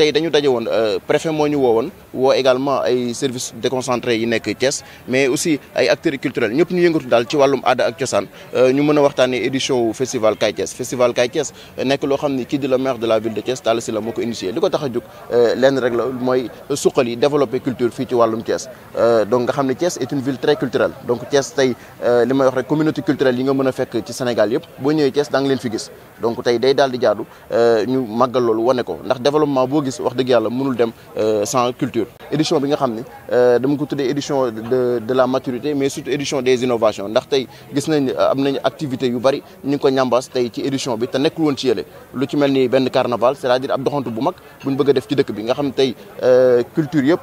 tay dañu daje woon euh, préfet moo ñu woo woon également ay services déconcentrés yi nek Thiès mais aussi ay acteurs culturels ñëpp ñu yëngatu dal ci walum aada ak cosaan euh, ñu mëna a édition festival Kaay Thiès festival Kaay Thiès euh, nekk loo xam ne di le maire de la ville de Thiès dal Sylla la moko initier liko ko tax a lenn rek la moy suqali développer culture fi ci walum Thiès donc nga xamni ne Thiès est une ville très culturelle donc Thiès tay limay wax rek communauté culturelle yi nga mëna fekk ci Sénégal yëpp bo ñëwee Thiès da nga leen fi gis donc tay day dal di jaadu ñu màggal loolu woné ko ndax développement bo gis wax dëgg yàlla mënul dem euh, sans culture édition bi nga xam ni euh, dama ko tuddee édition de de la maturité mais surtout édition des innovations ndax tey gis nañ am nañ activité yu bari ñu ko ñambaas tey ci édition bi te nekkul woon ci yële lu ci mel ni benn carnaval c'est-à-dire ab doxantu bu mag buñ bëgg a def ci dëkk bi nga xam tey euh, culture yëpp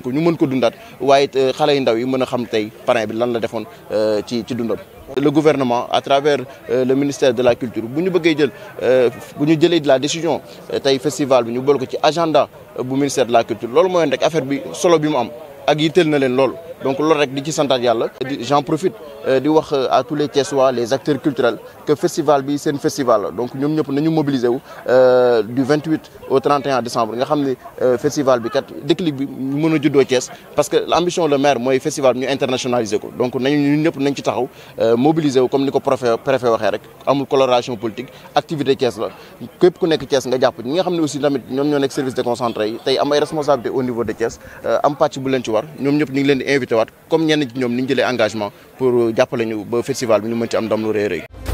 ko ñu mën ko dundat waye eh, xalé yi ndaw yi mëna xam tay parrain bi lan la defoon eh, ci ci dundam. le gouvernement à travers eh, le ministère de la culture bu ñu bëggee jël bu ñu jëlee de la décision tay festival bi ñu boole ko ci agenda bu ministère de la culture loolu mooy rek affaire bi solo bi mu am ak yitel na leen loolu donc rek j'en profite euh, di euh, à tous les Thiessois les acteurs culturels que le festival est euh, un festival donc nous, sommes nañu du 28 au 31 décembre Nous avons le festival bi kat nous bi du parce que l'ambition de le maire le festival bi ñu internationaliser ko donc nous sommes mobilisés, comme le préfet préfet coloration politique activité Thiès la Nous ku aussi des services ñoo concentré, service déconcentré avons au niveau de Thiès Nous avons bu ci war profité comme ñen ci ñoom ni ñu jëlee engagement pour jappalé ñu ba festival bi ñu mënti am ndam lu rëy